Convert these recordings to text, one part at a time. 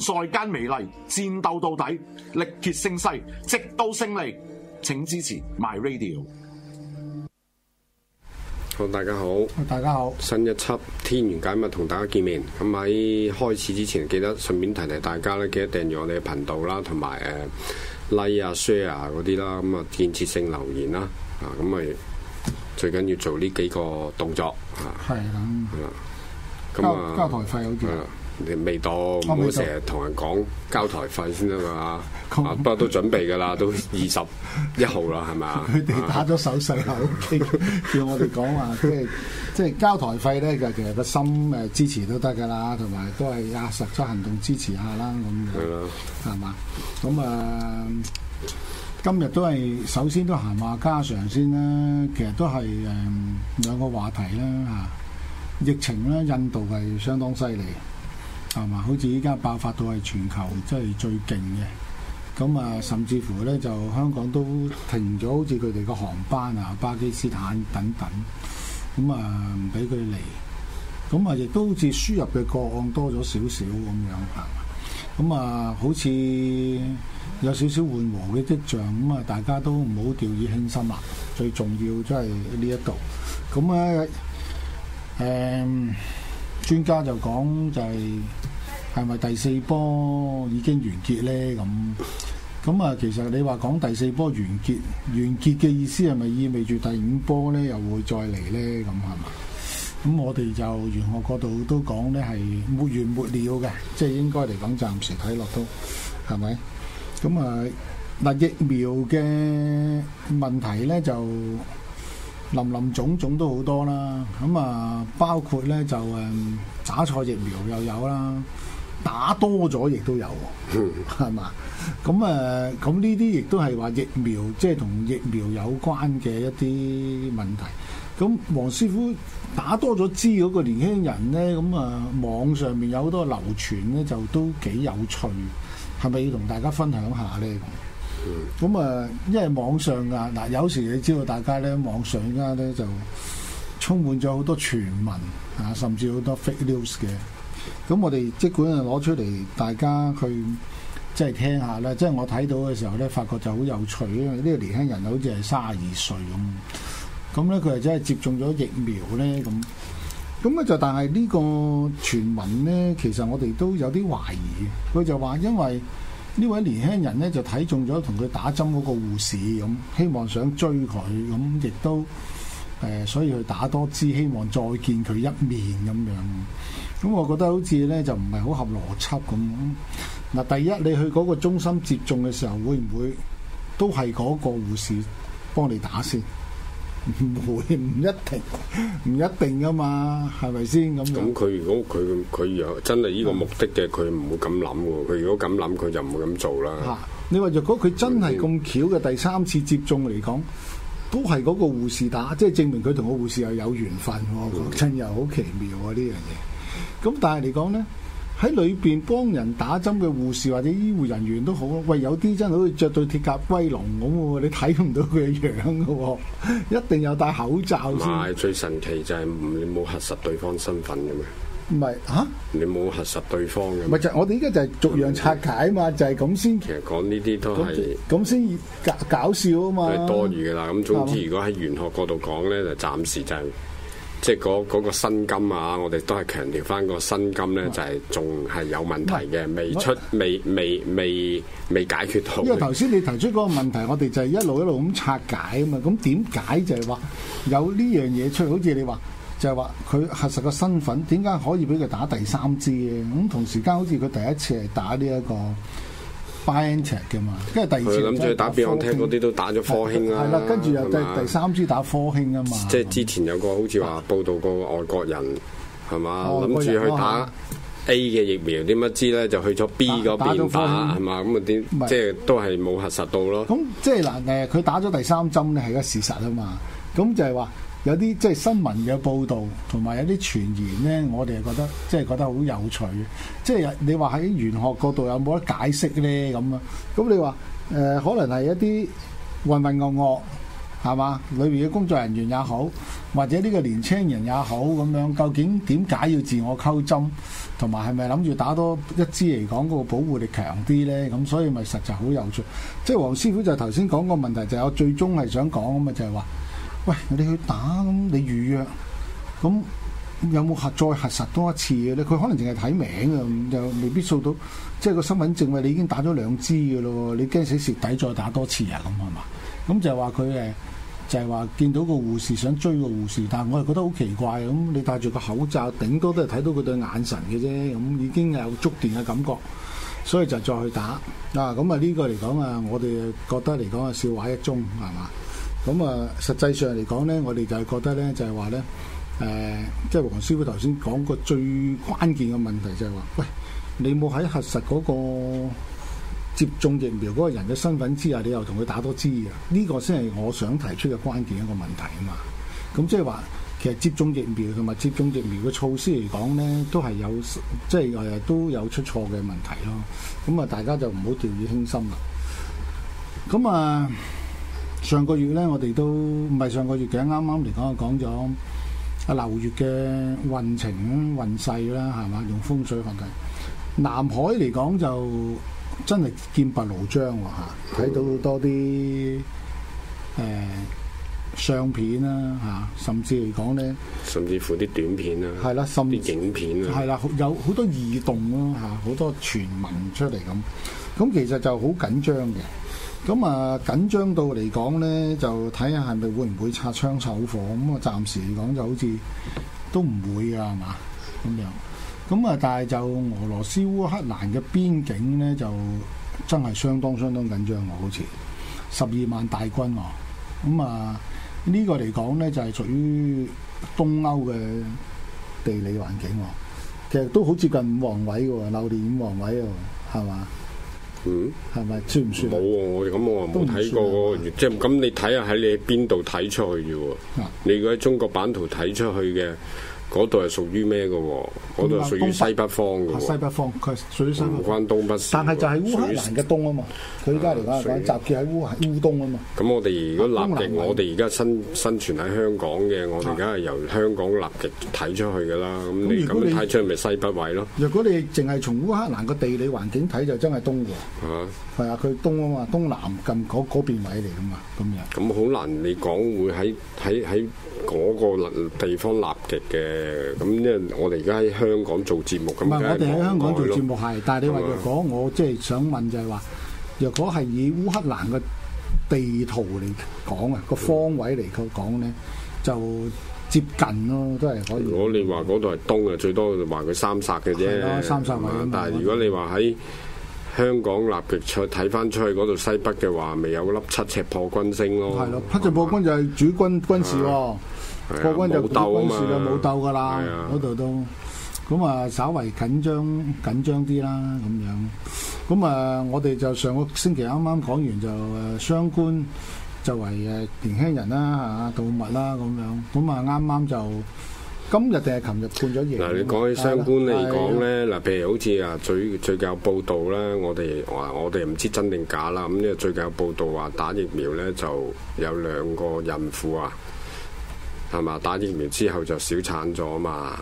在間美麗，戰鬥到底，力竭勝勢，直到勝利。請支持 My Radio。好，大家好。大家好。新一輯天玄解密同大家見面。咁喺開始之前，記得順便提提大家咧，記得訂閱我哋嘅頻道啦，同埋誒 Like 啊、Share 嗰啲啦。咁啊，建設性留言啦。啊，咁咪最緊要做呢幾個動作。係啦的。咁啊交，交台費好似。未到，唔好成日同人講交台費先啦嘛。嗯、不過都準備噶啦，都二十一號啦，係嘛？佢哋 打咗手勢叫我哋講話，即係即係交台費咧。其實個心誒支持都得噶啦，同埋都係實質行動支持下啦咁樣，係嘛的？咁啊，今日都係首先都閒話家常先啦。其實都係誒兩個話題啦嚇，疫情啦，印度係相當犀利。好似依家爆發到係全球真，即係最勁嘅。咁啊，甚至乎咧，就香港都停咗，好似佢哋個航班啊、巴基斯坦等等，咁啊唔俾佢嚟。咁啊，亦、啊、都好似輸入嘅個案多咗少少咁樣，係咁啊，好似有少少緩和嘅跡象。咁啊，大家都唔好掉以輕心啊！最重要即係呢一度。咁誒、啊。嗯專家就講就係係咪第四波已經完結呢？咁咁啊，其實你話講第四波完結，完結嘅意思係咪意味住第五波呢？又會再嚟呢？咁係嘛？咁我哋就玄學嗰度都講呢係沒完沒了嘅，即係應該嚟講暫時睇落都係咪？咁啊，嗱疫苗嘅問題呢就。林林種種都好多啦，咁啊包括咧就誒、嗯、打錯疫苗又有啦，打多咗亦都有，啊，係嘛、嗯？咁誒咁呢啲亦都係話疫苗即係同疫苗有關嘅一啲問題。咁黃師傅打多咗支嗰個年輕人咧，咁啊網上面有好多流傳咧，就都幾有趣，係咪要同大家分享下咧？咁啊，因為網上啊，嗱有時你知道大家咧，網上而家咧就充滿咗好多傳聞啊，甚至好多 fake news 嘅。咁我哋即管啊攞出嚟，大家去即係聽下啦。即係我睇到嘅時候咧，發覺就好有趣，因為呢個年輕人好似係卅二歲咁。咁咧佢係真係接種咗疫苗咧，咁咁咧就但係呢個傳聞咧，其實我哋都有啲懷疑。佢就話因為。呢位年輕人咧就睇中咗同佢打針嗰個護士咁，希望想追佢咁，亦都誒、呃、所以去打多支，希望再見佢一面咁樣。咁我覺得好似咧就唔係好合邏輯咁。嗱，第一你去嗰個中心接種嘅時候，會唔會都係嗰個護士幫你打先？唔會，唔一定，唔 一定噶嘛，係咪先咁？咁佢如果佢佢若真係呢個目的嘅，佢唔會咁諗噶。佢如果咁諗，佢就唔會咁做啦。吓、啊，你話若果佢真係咁巧嘅，第三次接種嚟講，都係嗰個護士打，即係證明佢同個護士又有緣分，講、嗯、真又好奇妙啊！呢樣嘢，咁但係嚟講咧。喺裏邊幫人打針嘅護士或者醫護人員都好喂有啲真係好似着對鐵甲威龍咁喎，你睇唔到佢嘅樣噶，一定有戴口罩。唔係，最神奇就係你冇核實對方身份嘅咩？唔係，吓、啊？你冇核實對方嘅。唔係就我哋依家就係逐樣拆解啊嘛，是就係咁先。其實講呢啲都係咁先搞搞笑啊嘛。多餘噶啦，咁總之如果喺玄學角度講咧，就暫時就係。即係嗰嗰個薪金啊，我哋都係強調翻個薪金咧，是就係仲係有問題嘅，是，未出未未未未解決到。因為頭先你提出嗰個問題，我哋就係一路一路咁拆解啊嘛。咁點解就係話有呢樣嘢出？好似你話就係話佢核實個身份，點解可以俾佢打第三支嘅？咁同時間好似佢第一次係打呢一個，BioNTech 嘅嘛，跟住第二次佢諗住打，比如我聽嗰啲都打咗科興啊，係啦，跟住又第第三次打科興啊嘛。即係之前有個好似話報道過外國人係嘛，諗住去打 A 嘅疫苗，點不知咧就去咗 B 嗰邊打係嘛，咁啊點即係都係冇核實到咯。咁即係嗱誒，佢打咗第三針咧係一個事實啊嘛，咁就係話。有啲即係新聞嘅報導，同埋有啲傳言呢，我哋覺得即係覺得好有趣。即係你話喺玄學角度有冇得解釋呢？咁啊？咁你話誒、呃、可能係一啲混混噩噩係嘛？裏面嘅工作人員也好，或者呢個年輕人也好咁樣，究竟點解要自我溝針？同埋係咪諗住打多一支嚟講個保護力強啲呢？咁所以咪實在好有趣。即係黃師傅就頭先講個問題，就係、我最終係想講咁嘛，就係、是、話。喂，你去打你預約咁有冇核再核實多一次嘅咧？佢可能淨係睇名啊，又未必掃到，即係個身份證咪你已經打咗兩支嘅咯，你驚死蝕底再打多次啊？咁係嘛？咁就係話佢誒，就係話見到個護士想追個護士，但係我又覺得好奇怪咁。你戴住個口罩，頂多都係睇到佢對眼神嘅啫，咁已經有觸電嘅感覺，所以就再去打啊。咁啊，呢個嚟講啊，我哋覺得嚟講係笑話一宗。係嘛？咁啊，實際上嚟講咧，我哋就係覺得咧，就係話咧，誒、呃，即、就、係、是、黃師傅頭先講過最關鍵嘅問題就係、是、話，喂，你冇喺核實嗰個接種疫苗嗰個人嘅身份之下，你又同佢打多支啊？呢、這個先係我想提出嘅關鍵一個問題啊嘛。咁即係話，其實接種疫苗同埋接種疫苗嘅措施嚟講咧，都係有即係誒都有出錯嘅問題咯、啊。咁啊，大家就唔好掉以輕心喇。咁啊～上個月咧，我哋都唔係上個月嘅，啱啱嚟講就講咗阿劉月嘅運程、運勢啦，係嘛？用風水嚟計，南海嚟講就真係劍拔弩張喎嚇，睇到多啲誒、呃、相片啦嚇，甚至嚟講咧，甚至乎啲短片啦，係啦，甚至影片啊，係啦，有好多異動咯嚇，好多傳聞出嚟咁，咁其實就好緊張嘅。咁啊，緊張到嚟講咧，就睇下係咪會唔會擦槍走火。咁啊，暫時嚟講就好似都唔會噶，係嘛，咁樣。咁啊，但係就俄羅斯烏克蘭嘅邊境咧，就真係相當相當緊張喎。好似十二萬大軍喎。咁啊，啊這個、呢個嚟講咧，就係、是、屬於東歐嘅地理環境。其實都好接近五皇位嘅喎，鬧掂五皇位喎，係嘛？嗯，係咪算唔算？冇喎，我哋咁我話冇睇過。即係咁你睇下喺你邊度睇出去嘅喎。嗯、你如果喺中國版圖睇出去嘅。嗰度係屬於咩嘅？嗰度係屬於西北方嘅。北西北方，佢係屬於西北。唔關東北事。但係就係烏克蘭嘅東啊嘛，佢而家嚟講集結喺烏烏東啊嘛。咁我哋如果立極我，我哋而家生生存喺香港嘅，我哋而家係由香港立極睇出去嘅啦。咁咁睇出去咪西北位咯。若果你淨係從烏克蘭嘅地理環境睇，就真係東喎。係嘛？係啊，佢東啊嘛，東南近嗰邊位嚟嘅嘛，今日。咁好難，你講會喺喺喺嗰個地方立極嘅。誒，咁咧、嗯，因為我哋而家喺香港做節目咁。唔係，我哋喺香港做節目係，但係你話若果吧我即係想問就係話，若果係以烏克蘭嘅地圖嚟講啊，個方位嚟去講咧，嗯、就接近咯，都係可以。如果你話嗰度係東啊，嗯、最多就話佢三煞嘅啫。係咯，三煞位。但係如果你話喺香港立極，再睇翻出去嗰度西北嘅話，未有粒七赤破軍星咯。係吧咯，七赤破軍就係主軍軍事。國軍就冇鬥啊嘛，冇鬥噶啦，嗰度都咁啊，稍為緊張緊張啲啦，咁樣。咁啊，我哋就上個星期啱啱講完就誒、啊，相關作為誒年輕人啦，吓、啊、動物啦，咁樣。咁啊，啱啱就今日定係琴日換咗嘢？嗱，你講起相關嚟講咧，嗱，譬、啊、如好似啊，最最近有報道啦，我哋話我哋唔知真定假啦。咁呢咧，最近有報道話打疫苗咧就有兩個孕婦啊。係嘛？打疫苗之後就小產咗嘛？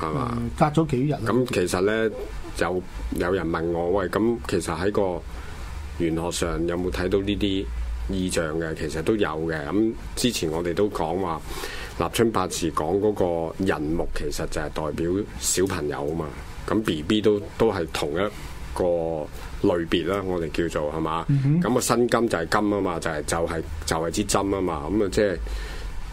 係嘛、嗯？隔咗幾日、啊。咁其實咧，有有人問我，喂，咁其實喺個玄學上有冇睇到呢啲異象嘅？其實都有嘅。咁之前我哋都講話立春八字講嗰個寅木，其實就係代表小朋友啊嘛。咁 B B 都都係同一個類別啦。我哋叫做係嘛？咁、嗯、哼個申金就係金啊嘛，就係、是、就係、是、就係、是就是、支針啊嘛。咁啊、就是，即係。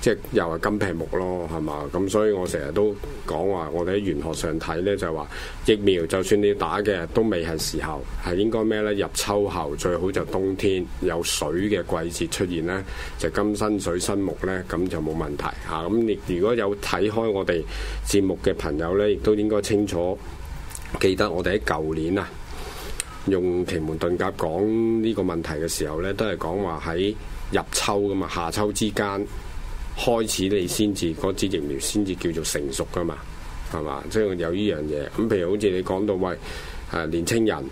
即係又係金平木咯，係嘛？咁，所以我成日都講話，我哋喺玄學上睇呢，就係話疫苗就算你打嘅都未係時候，係應該咩呢？入秋後最好就冬天有水嘅季節出現呢，就金生水，生木呢，咁就冇問題嚇。咁、啊、你如果有睇開我哋節目嘅朋友呢，亦都應該清楚，記得我哋喺舊年啊用奇門遁甲講呢個問題嘅時候呢，都係講話喺入秋噶嘛，夏秋之間。開始你先至嗰支疫苗先至叫做成熟噶嘛，係嘛？即係有呢樣嘢。咁譬如好似你講到喂，誒、啊、年青人。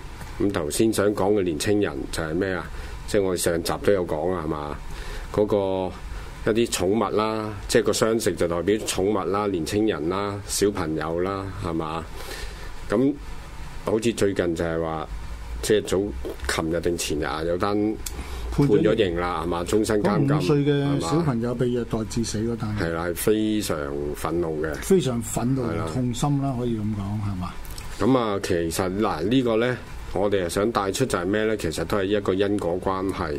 咁頭先想講嘅年青人就係咩啊？即係我哋上集都有講啊，係嘛？嗰、嗰個一啲寵物啦，即係個傷食就代表寵物啦、年青人啦、小朋友啦，係嘛？咁好似最近就係話，即係早琴日定前日有單。判咗刑啦，係嘛，終身監禁。五歲嘅小朋友被虐待致死咯，但係係啦，係非常憤怒嘅，係嘛，非常憤怒、係啦，痛心啦，可以咁講，係嘛。咁啊，其實嗱，這個、呢個咧，我哋係想帶出就係咩咧？其實都係一個因果關係。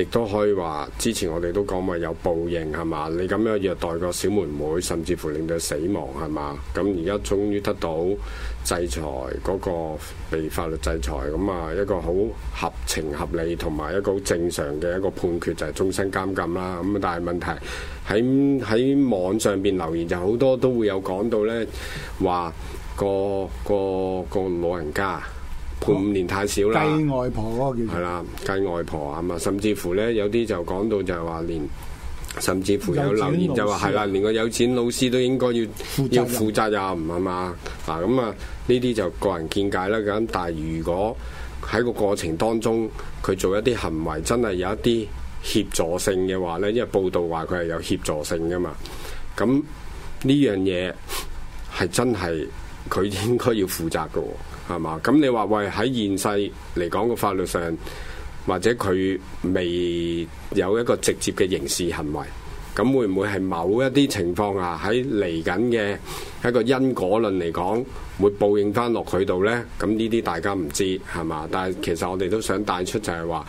亦都可以話，之前我哋都講話有報應係嘛？你咁樣虐待個小妹妹，甚至乎令到死亡係嘛？咁而家終於得到制裁，嗰個被法律制裁，咁啊，一個好合情合理同埋一個好正常嘅一個判決就係終身監禁啦。咁但係問題喺喺網上邊留言就好多都會有講到呢，話個個個老人家。判五年太少啦！繼外婆嗰個叫係啦，繼外婆啊嘛，甚至乎呢，有啲就講到就係話連，甚至乎有留言就話係啦，連個有錢老師都應該要負責任要負責呀唔啊嘛嗱，咁啊，呢、嗯、啲就個人見解啦咁。但係如果喺個過程當中，佢做一啲行為真係有一啲協助性嘅話呢，因為報道話佢係有協助性噶嘛，咁呢樣嘢係真係佢應該要負責噶。係嘛？咁你話喂，喺現世嚟講嘅法律上，或者佢未有一個直接嘅刑事行為，咁會唔會係某一啲情況下，喺嚟緊嘅一個因果論嚟講，會報應翻落佢度呢？咁呢啲大家唔知係嘛？但係其實我哋都想帶出就係話，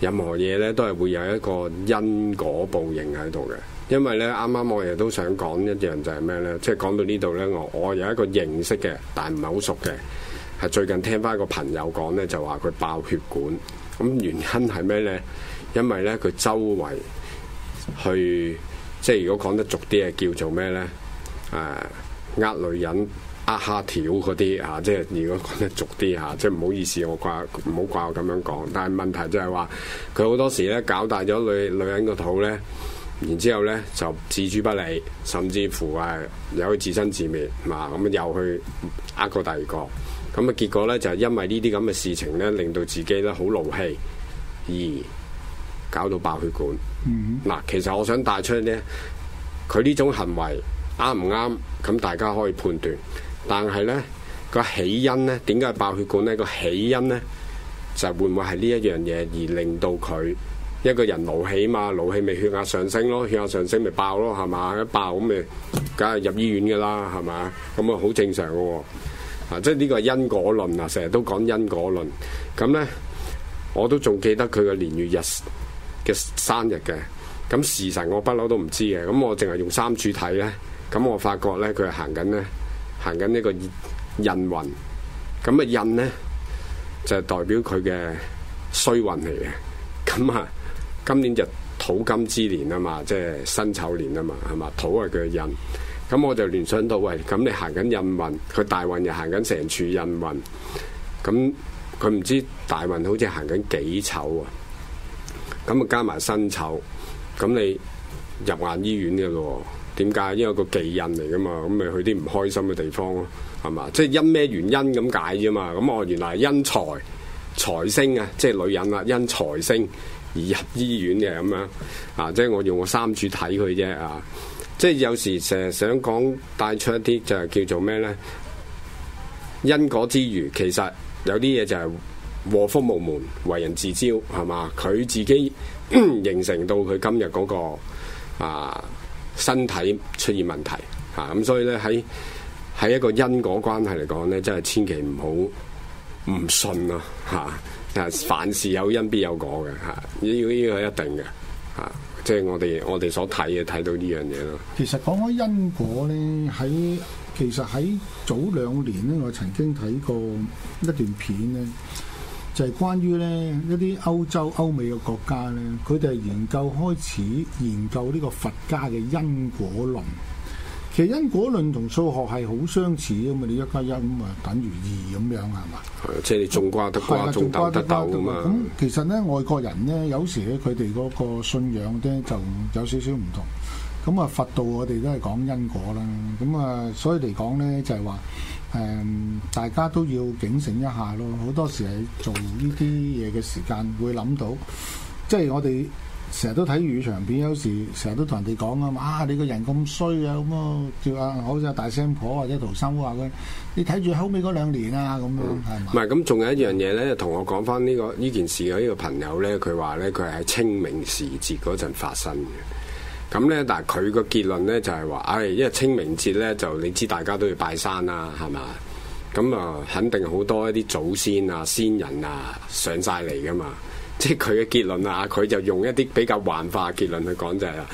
任何嘢呢，都係會有一個因果報應喺度嘅，因為呢，啱啱我哋都想講一樣就係咩呢？即係講到呢度呢，我我有一個認識嘅，但係唔係好熟嘅。係最近聽翻個朋友講咧，就話佢爆血管，咁原因係咩咧？因為咧佢周圍去，即係如果講得俗啲啊，叫做咩咧？誒呃女人呃蝦條嗰啲嚇，即係如果講得俗啲嚇，即係唔好意思，我掛唔好怪我咁樣講。但係問題就係話佢好多時咧搞大咗女女人個肚咧，然之後咧就置諸不理，甚至乎係有佢自生自滅嘛。咁又去呃個第二個。咁啊，結果咧就係、是，因為呢啲咁嘅事情咧，令到自己咧好勞氣，而搞到爆血管。嗱、mm，hmm。其實我想帶出咧，佢呢種行為啱唔啱？咁大家可以判斷。但係咧個起因咧，點解爆血管咧？個起因咧就係、是、會唔會係呢一樣嘢而令到佢一個人勞氣嘛？勞氣咪血壓上升咯，血壓上升咪爆咯，係嘛？一爆咁咪，梗係入醫院噶啦，係嘛？咁啊，好正常噶喎、哦。啊！即係呢個因果論啊，成日都講因果論。咁咧，我都仲記得佢嘅年月日嘅生日嘅。咁時辰我不嬲都唔知嘅。咁我淨係用三柱睇咧。咁我發覺咧，佢係行緊咧，行緊呢個印運。咁啊印咧就係、是、代表佢嘅衰運嚟嘅。咁啊，今年就土金之年啊嘛，即係辛丑年啊嘛，係嘛？土係佢嘅印。咁我就聯想到，喂，咁你行緊印運，佢大運又行緊成柱印運，咁佢唔知大運好似行緊己丑啊，咁啊加埋辛丑，咁你入眼醫院嘅咯，點解？因為個忌印嚟噶嘛，咁咪去啲唔開心嘅地方咯，係嘛？即係因咩原因咁解啫嘛？咁我原來係因財財星啊，即係女人啊，因財星而入醫院嘅咁樣，啊，即係我用我三柱睇佢啫啊。即係有時成日想講帶出一啲就係叫做咩呢？因果之緣，其實有啲嘢就係禍福無門，為人自招，係嘛？佢自己 形成到佢今日嗰、那個啊身體出現問題嚇，咁、啊、所以呢，喺喺一個因果關係嚟講呢，真係千祈唔好唔信啊嚇、啊！凡事有因必有果嘅嚇，呢個呢個係一定嘅。即係我哋我哋所睇嘅睇到呢樣嘢咯。其實講開因果咧，喺其實喺早兩年咧，我曾經睇過一段片咧，就係關於咧一啲歐洲歐美嘅國家咧，佢哋研究開始研究呢個佛家嘅因果論。其實因果論同數學係好相似啊嘛，你一加一咁啊等於二咁樣係嘛？係即係你種瓜得瓜，種豆、嗯、得豆啊嘛。咁其實咧，外國人咧，有時咧，佢哋嗰個信仰咧，就有少少唔同。咁、嗯、啊，佛道我哋都係講因果啦。咁啊，所以嚟講咧，就係話誒，大家都要警醒一下咯。好多時喺做呢啲嘢嘅時間，會諗到，即係我哋。成日都睇粵語長片，有時成日都同人哋講啊嘛，你個人咁衰啊咁啊，叫、嗯、啊，好似啊大聲婆或者屠心話佢，你睇住後尾嗰兩年啊咁啊，係咪？唔係，咁仲、嗯、有一樣嘢咧，同我講翻呢個呢件事嘅呢、呢個呢個朋友咧，佢話咧佢係喺清明時節嗰陣發生嘅。咁咧，但係佢個結論咧就係話，唉，因為清明節咧就你知大家都要拜山啦，係嘛？咁啊，肯定好多一啲祖先啊、先人啊上晒嚟噶嘛。即係佢嘅結論啊！佢就用一啲比較幻化嘅結論去講，就係、是、啊，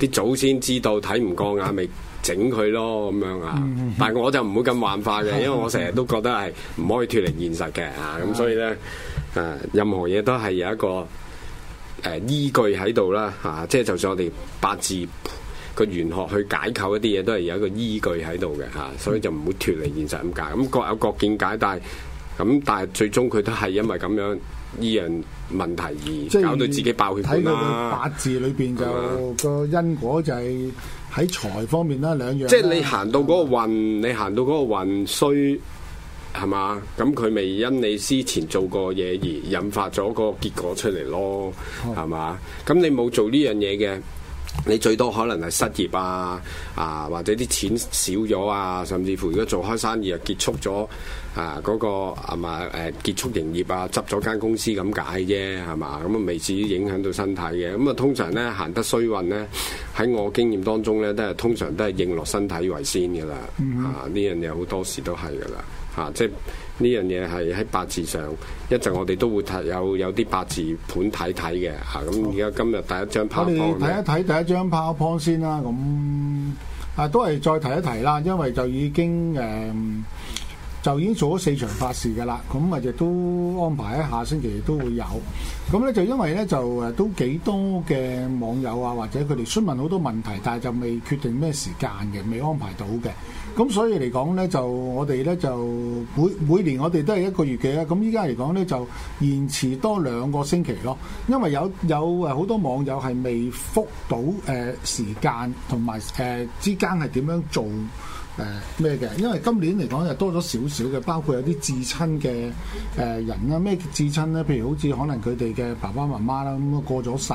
啲祖先知道睇唔過眼，咪整佢咯咁樣啊！但係我就唔會咁幻化嘅， 因為我成日都覺得係唔可以脱離現實嘅 啊！咁所以咧，誒任何嘢都係有一個誒、呃、依據喺度啦嚇。即係就算我哋八字個玄學去解構一啲嘢，都係有一個依據喺度嘅嚇，所以就唔會脱離現實咁解。咁、啊、各有各見解，但係。咁但係最終佢都係因為咁樣呢樣問題而搞到自己爆血管啦、啊。睇到佢八字裏邊就的個因果就喺財方面啦、啊，兩樣、啊。即係你行到嗰個運，的你行到嗰個運衰，係嘛？咁佢咪因你之前做過嘢而引發咗個結果出嚟咯，係嘛？咁你冇做呢樣嘢嘅。你最多可能係失業啊，啊或者啲錢少咗啊，甚至乎如果做開生意又結束咗啊，嗰、那個嘛誒、啊啊、結束營業啊，執咗間公司咁解啫，係嘛？咁啊未至於影響到身體嘅。咁、嗯、啊通常咧行得衰運咧，喺我經驗當中咧都係通常都係應落身體為先噶啦。啊，呢樣嘢好多時都係噶啦。嚇、啊，即係。呢樣嘢係喺八字上，一陣我哋都會睇有有啲八字盤睇睇嘅嚇。咁而家今日第一張 p o 我哋睇一睇第一張 Powerpoint 先啦。咁啊，都係再提一提啦，因為就已經誒、嗯、就已經做咗四場法事嘅啦。咁啊，亦都安排喺下星期都會有。咁咧就因為咧就誒都幾多嘅網友啊，或者佢哋詢問好多問題，但係就未決定咩時間嘅，未安排到嘅。咁所以嚟講呢，就我哋呢，就每每年我哋都係一個月嘅啦。咁依家嚟講呢，就延遲多兩個星期咯。因為有有誒好多網友係未覆到誒、呃、時間同埋誒之間係點樣做誒咩嘅？因為今年嚟講就多咗少少嘅，包括有啲至親嘅誒人啦，咩至親呢？譬如好似可能佢哋嘅爸爸媽媽啦，咁、嗯、啊過咗世。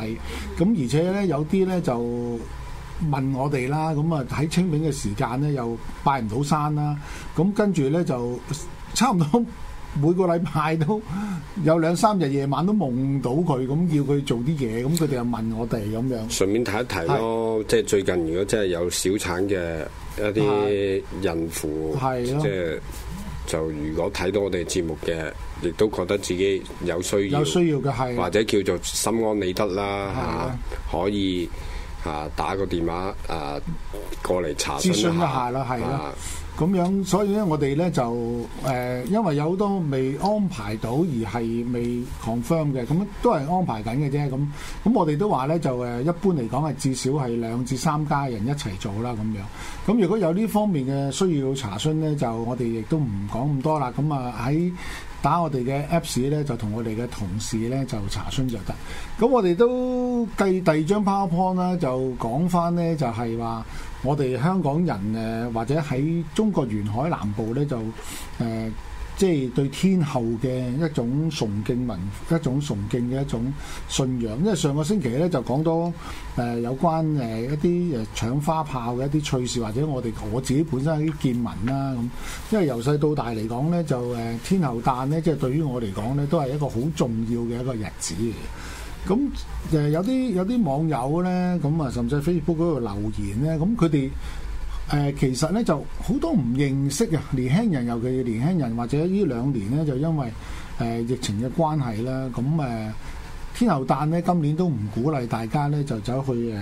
咁而且呢，有啲呢就～問我哋啦，咁啊喺清明嘅時間咧，又拜唔到山啦，咁跟住咧就差唔多每個禮拜都有兩三日夜晚都夢到佢，咁叫佢做啲嘢，咁佢哋又問我哋咁樣。順便睇一睇咯，的即係最近如果真係有小產嘅一啲孕婦，係咯，即係就如果睇到我哋節目嘅，亦都覺得自己有需要，有需要嘅係，或者叫做心安理得啦嚇的、啊，可以。啊！打個電話啊，過嚟查諮詢一下啦。係啦。咁、啊、樣，所以咧，我哋咧就誒，因為有好多未安排到而，而係未 confirm 嘅，咁都係安排緊嘅啫。咁咁，我哋都話咧就誒，一般嚟講係至少係兩至三家人一齊做啦。咁樣咁，如果有呢方面嘅需要查詢咧，就我哋亦都唔講咁多啦。咁啊喺。打我哋嘅 Apps 咧，就同我哋嘅同事咧就查詢就得。咁我哋都計第，第二張 PowerPoint 啦，就講返咧就係話我哋香港人誒，或者喺中國沿海南部咧就誒。呃即係對天后嘅一種崇敬文，一種崇敬嘅一種信仰。因為上個星期咧就講到誒、呃、有關誒一啲誒搶花炮嘅一啲趣事，或者我哋我自己本身一啲見聞啦咁。因為由細到大嚟講咧，就誒、呃、天后誕咧，即、就、係、是、對於我嚟講咧，都係一個好重要嘅一個日子。咁誒、呃、有啲有啲網友咧，咁啊甚至 Facebook 嗰度留言咧，咁佢哋。誒其實呢就好多唔認識嘅年輕人，尤其是年輕人或者呢兩年呢，就因為誒疫情嘅關係啦，咁誒天后誕呢今年都唔鼓勵大家呢就走去誒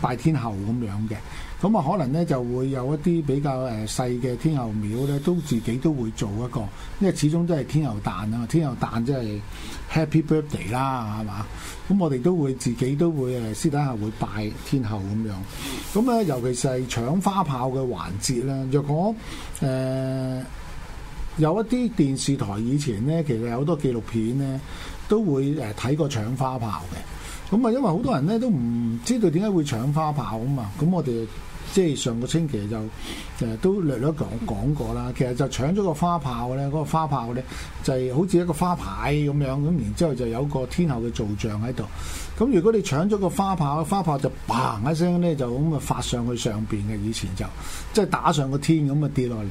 拜天后咁樣嘅。咁啊，可能呢就會有一啲比較誒細嘅天后廟呢，都自己都會做一個，因為始終都係天后誕啊，天后誕即係 Happy Birthday 啦，係嘛？咁我哋都會自己都會誒私底下會拜天后咁樣。咁咧，尤其是係搶花炮嘅環節啦。若果誒、呃、有一啲電視台以前呢，其實有好多紀錄片呢，都會誒睇過搶花炮嘅。咁啊，因為好多人咧都唔知道點解會搶花炮啊嘛，咁我哋即係上個星期就誒、呃、都略略講講過啦。其實就搶咗個花炮咧，嗰、那個花炮咧就係好似一個花牌咁樣，咁然之後就有個天后嘅造像喺度。咁如果你搶咗個花炮，花炮就嘭一聲咧就咁啊發上去上邊嘅，以前就即係、就是、打上個天咁啊跌落嚟，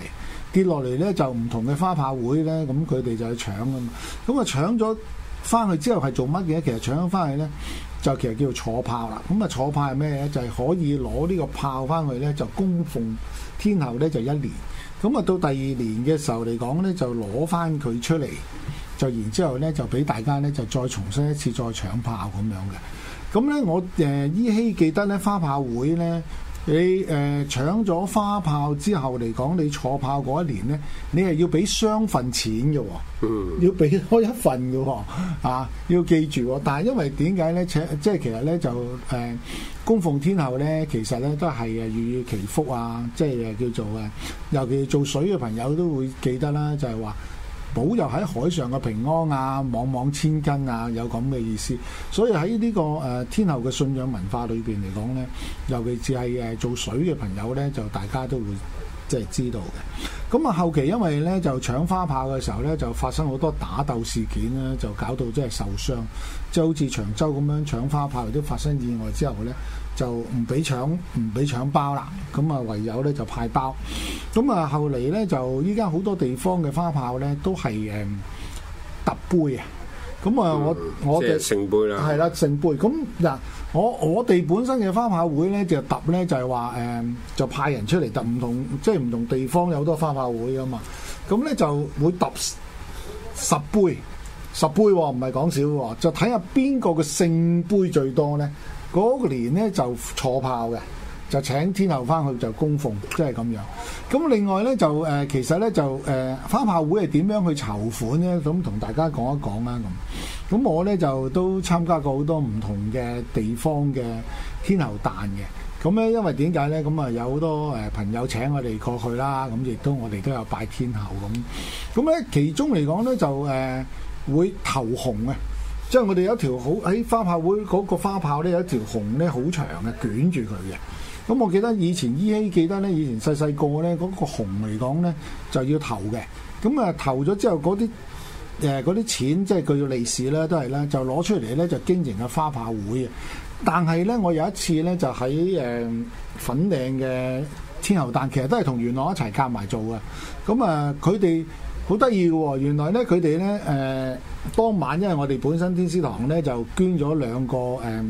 跌落嚟咧就唔同嘅花炮會咧，咁佢哋就去搶啊嘛。咁啊搶咗翻去之後係做乜嘢？其實搶翻去咧。就其實叫做坐炮啦，咁啊坐炮係咩咧？就係、是、可以攞呢個炮翻去咧，就供奉天后咧就一年，咁啊到第二年嘅時候嚟講咧，就攞翻佢出嚟，就然之後咧就俾大家咧就再重新一次再搶炮咁樣嘅。咁咧我誒、呃、依稀記得咧花炮會咧。你誒、呃、搶咗花炮之後嚟講，你坐炮嗰一年咧，你係要俾雙份錢嘅、哦，要俾開一份嘅喎、哦，啊，要記住、哦。但係因為點解咧？請即係其實咧就誒供、呃、奉天后咧，其實咧都係誒寓意祈福啊，即、就、係、是、叫做誒，尤其做水嘅朋友都會記得啦，就係話。保佑喺海上嘅平安啊，網網千斤啊，有咁嘅意思。所以喺呢、呢個誒、呃、天后嘅信仰文化裏邊嚟講咧，尤其是係誒做水嘅朋友咧，就大家都會。即係知道嘅，咁啊後期因為咧就搶花炮嘅時候咧，就發生好多打鬥事件啦，就搞到即係受傷，即係好似長洲咁樣搶花炮或者發生意外之後咧，就唔俾搶唔俾搶包啦，咁啊唯有咧就派包，咁啊後嚟咧就依家好多地方嘅花炮咧都係誒揼杯啊。咁啊，我我哋係啦，成杯。咁嗱，我我哋本身嘅花炮會咧，就揼咧就係話誒，就派人出嚟揼。唔同，即係唔同地方有好多花炮會啊嘛。咁咧就會揼十杯，十杯唔係講少喎，即睇下邊個嘅聖杯最多咧。嗰、那個、年嗰年咧就坐炮嘅。就請天后翻去就供奉，即係咁樣。咁另外呢，就誒、呃，其實呢，就誒、呃、花炮會係點樣去籌款呢？咁、嗯、同大家講一講啦咁。咁我呢，就都參加過好多唔同嘅地方嘅天后誕嘅。咁呢，因為點解呢？咁啊有好多誒朋友請我哋過去啦。咁亦都我哋都有拜天后咁。咁呢，其中嚟講呢，就誒、呃、會頭紅嘅，即係我哋有一條好喺、哎、花炮會嗰、那個花炮呢，有一條紅呢，好長嘅捲住佢嘅。咁我記得以前依、e、稀記得咧，以前細細個咧，嗰個紅嚟講咧，就要投嘅。咁啊投咗之後，嗰啲誒啲錢即係叫做利是啦，都係啦，就攞出嚟咧，就經營個花炮會嘅。但係咧，我有一次咧就喺誒、呃、粉嶺嘅天后誕，其實都係同元朗一齊夾埋做嘅。咁、呃、啊，佢哋好得意嘅喎，原來咧佢哋咧誒當晚，因為我哋本身天師堂咧就捐咗兩個誒。呃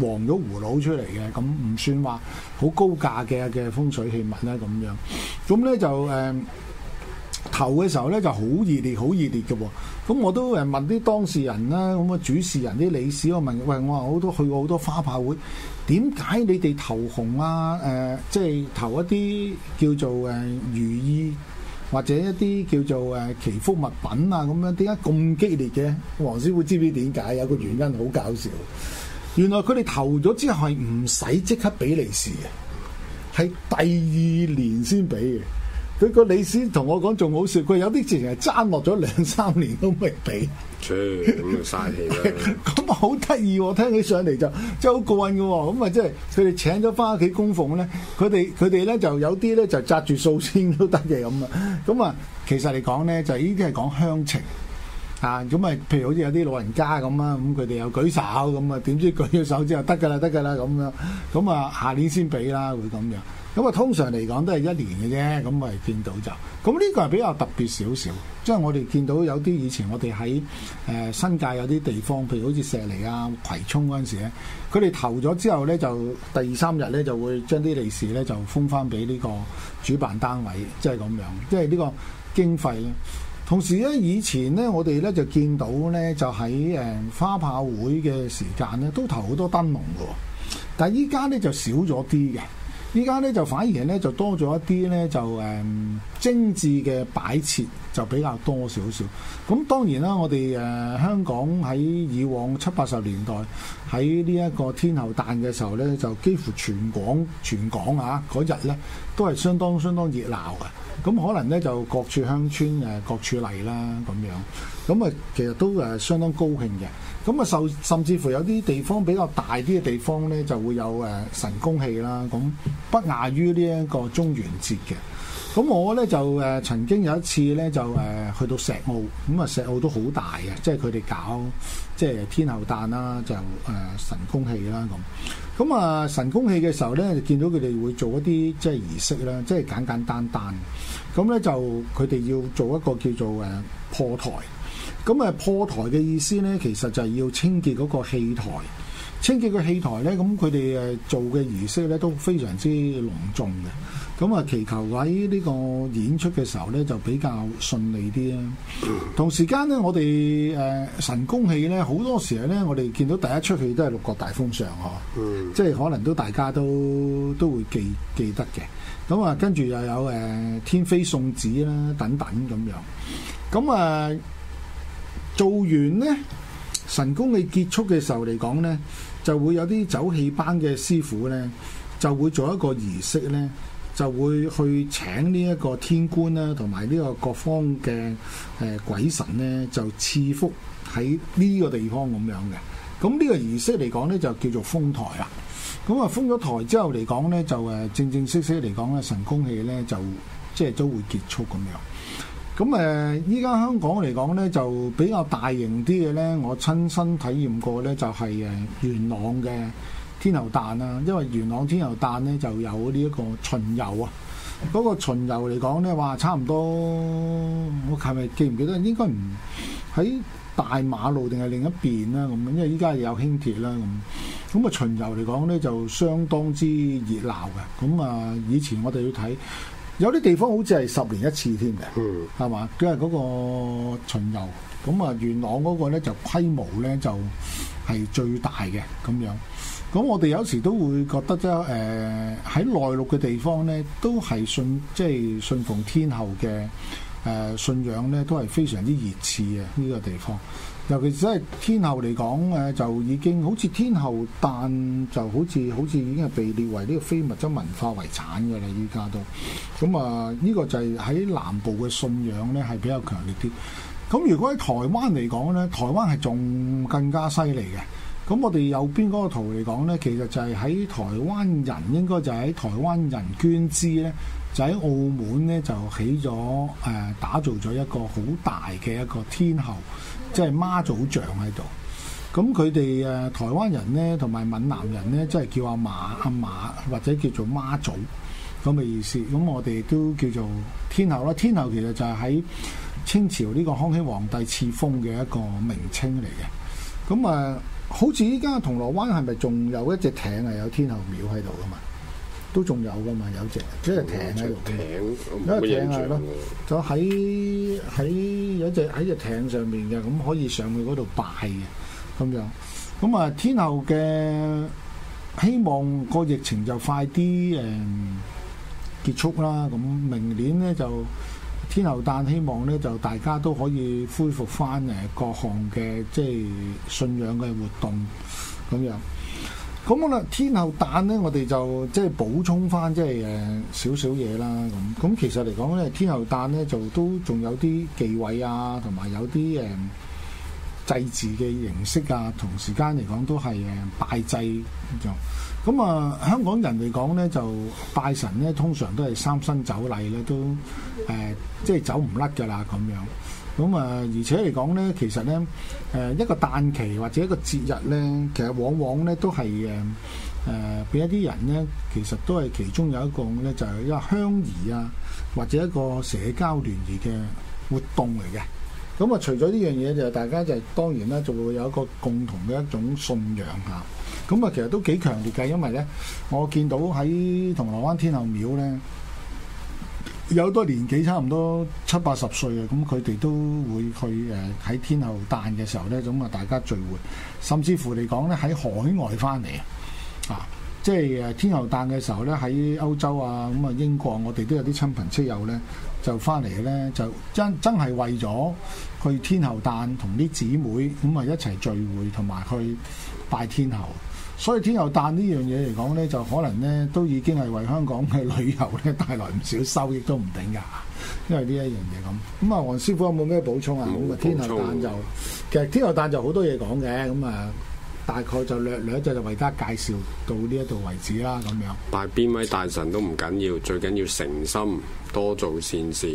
黃咗葫蘆出嚟嘅，咁唔算話好高價嘅嘅風水器物啦。咁樣，咁咧就誒、呃、投嘅時候咧就好熱烈，好熱烈嘅、哦，咁我都誒問啲當事人啦，咁啊主持人啲理事，我問喂，我話好多去過好多花炮會，點解你哋投紅啊？誒、呃，即、就、係、是、投一啲叫做誒如意或者一啲叫做誒祈福物品啊，咁樣，點解咁激烈嘅？黃師傅知唔知點解？有個原因好搞笑。原來佢哋投咗之後係唔使即刻俾利是嘅，係第二年先俾嘅。佢個利是同我講仲好笑，佢有啲直情係爭落咗兩三年都未俾。咁就嘥氣。咁啊好得意，聽起上嚟就真係好過癮嘅、哦。咁啊、就是，即係佢哋請咗翻屋企供奉咧，佢哋佢哋咧就有啲咧就扎住數千都得嘅咁啊。咁啊，其實嚟講咧，就依啲係講鄉情。啊，咁啊，譬如好似有啲老人家咁啦，咁佢哋又舉手，咁啊，點知舉咗手之後得噶啦，得噶啦咁樣，咁啊，下年先俾啦，會咁樣。咁啊，通常嚟講都係一年嘅啫，咁咪見到就。咁呢個係比較特別少少，即係我哋見到有啲以前我哋喺誒新界有啲地方，譬如好似石梨啊、葵涌嗰陣時咧，佢哋投咗之後咧，就第二三日咧就會將啲利是咧就封翻俾呢個主辦單位，即係咁樣，即係呢個經費。同時咧，以前咧，我哋咧就見到咧，就喺誒花炮會嘅時間咧，都投好多燈籠嘅，但係依家咧就少咗啲嘅，依家咧就反而咧就多咗一啲咧就誒精緻嘅擺設。就比較多少少，咁當然啦，我哋誒、呃、香港喺以往七八十年代喺呢一個天后誕嘅時候呢，就幾乎全港全港啊嗰日呢都係相當相當熱鬧嘅，咁可能呢，就各處鄉村誒各處例啦咁樣，咁啊其實都誒相當高興嘅，咁啊受甚至乎有啲地方比較大啲嘅地方呢，就會有誒神功戲啦，咁不亞於呢一個中元節嘅。咁我咧就誒、呃、曾經有一次咧就誒、呃、去到石澳，咁、嗯、啊石澳都好大嘅，即係佢哋搞即係天后誕啦，就誒、呃、神功戲啦咁。咁啊神功戲嘅時候咧，就見到佢哋會做一啲即係儀式啦，即係簡簡單單。咁咧就佢哋要做一個叫做誒破台。咁啊破台嘅意思咧，其實就係要清潔嗰個戲台。清潔個戲台咧，咁佢哋誒做嘅儀式咧都非常之隆重嘅。咁啊！祈求位呢個演出嘅時候呢，就比較順利啲啦。同時間呢，我哋誒、呃、神功戲呢，好多時候呢，我哋見到第一齣戲都係《六國大封相》哦，即係可能都大家都都會記記得嘅。咁、嗯、啊，跟住又有誒、呃、天姬送子啦，等等咁樣。咁、嗯、啊、呃，做完呢神功戲結束嘅時候嚟講呢，就會有啲走戲班嘅師傅呢，就會做一個儀式呢。就會去請呢一個天官啦，同埋呢個各方嘅誒、呃、鬼神咧，就賜福喺呢個地方咁樣嘅。咁、這、呢個儀式嚟講咧，就叫做封台啊。咁、嗯、啊封咗台之後嚟講咧，就誒正正式式嚟講咧，神功戲咧就即係、就是、都會結束咁樣。咁、嗯、誒，依、呃、家香港嚟講咧，就比較大型啲嘅咧，我親身體驗過咧，就係誒元朗嘅。天后誕啊，因為元朗天后誕咧就有呢一個巡遊啊。嗰、那個巡遊嚟講咧，哇，差唔多我係咪記唔記得？應該唔喺大馬路定係另一邊啦。咁，因為依家有輕鐵啦。咁咁啊，那個、巡遊嚟講咧就相當之熱鬧嘅。咁啊，以前我哋要睇有啲地方好似係十年一次添嘅，係嘛、mm.？因為嗰個巡遊，咁啊，元朗嗰個咧就規模咧就係最大嘅咁樣。咁我哋有時都會覺得咧，誒、呃、喺內陸嘅地方呢，都係信即係、就是、信奉天后嘅誒、呃、信仰咧，都係非常之熱熾嘅呢個地方。尤其是係天后嚟講，誒、呃、就已經好似天后誕，就好似好似已經係被列為呢個非物質文化遺產㗎喇。依家都咁啊，呢、嗯呃這個就係喺南部嘅信仰呢係比較強烈啲。咁如果喺台灣嚟講呢，台灣係仲更加犀利嘅。咁我哋右邊嗰個圖嚟講咧，其實就係喺台灣人，應該就喺台灣人捐資咧，就喺澳門咧就起咗誒、呃、打造咗一個好大嘅一個天后，即係媽祖像喺度。咁佢哋誒、台灣人咧，同埋閩南人咧，即係叫阿媽阿媽或者叫做媽祖咁嘅意思。咁我哋都叫做天后啦。天后其實就係喺清朝呢個康熙皇帝賜封嘅一個名稱嚟嘅。咁啊、嗯，好似依家銅鑼灣係咪仲有一隻艇啊？有天后廟喺度噶嘛？都仲有噶嘛？有隻即係艇喺度艇，有一艇係咯，就喺喺有一隻喺隻艇上面嘅，咁可以上去嗰度拜嘅，咁樣。咁、嗯、啊，天后嘅希望個疫情就快啲誒、嗯、結束啦。咁、嗯、明年咧就。天后誕希望咧就大家都可以恢復翻誒，各項嘅即係信仰嘅活動咁樣。咁我啦天后誕咧，我哋就即係補充翻即係誒少少嘢啦咁。咁其實嚟講咧，天后誕咧就都仲有啲忌諱啊，同埋有啲誒。欸祭祀嘅形式啊，同時間嚟講都係誒拜祭咁咁、嗯、啊，香港人嚟講咧，就拜神咧，通常都係三牲酒禮咧，都誒即係走唔甩噶啦咁樣。咁、嗯、啊，而且嚟講咧，其實咧誒、呃、一個誕期或者一個節日咧，其實往往咧都係誒誒俾一啲人咧，其實都係其中有一個咧，就係、是、一個鄉誼啊，或者一個社交聯誼嘅活動嚟嘅。咁啊，除咗呢樣嘢，就大家就當然咧，就會有一個共同嘅一種信仰嚇。咁啊，其實都幾強烈嘅，因為咧，我見到喺銅鑼灣天后廟咧，有多年紀差唔多七八十歲嘅，咁佢哋都會去誒喺天后誕嘅時候咧，咁啊，大家聚會，甚至乎嚟講咧喺海外翻嚟啊。即係誒天后誕嘅時候咧，喺歐洲啊，咁、嗯、啊英國啊，我哋都有啲親朋戚友咧，就翻嚟咧，就真真係為咗去天后誕同啲姊妹咁啊、嗯、一齊聚會，同埋去拜天后。所以天后誕呢樣嘢嚟講咧，就可能咧都已經係為香港嘅旅遊咧帶來唔少收益都唔定㗎。因為呢一樣嘢咁，咁、嗯、啊黃師傅有冇咩補充啊？咁、那、啊、個、天后誕就、嗯、其實天后誕就好多嘢講嘅，咁、嗯、啊。大概就略略一隻就為大家介紹到呢一度為止啦，咁樣拜邊位大神都唔緊要，最緊要誠心多做善事，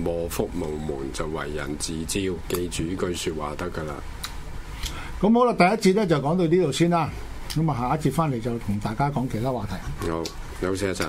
禍福無門就為人自招，記住呢句説話得㗎啦。咁好啦，第一節咧就講到呢度先啦。咁啊，下一節翻嚟就同大家講其他話題。好，休息一陣。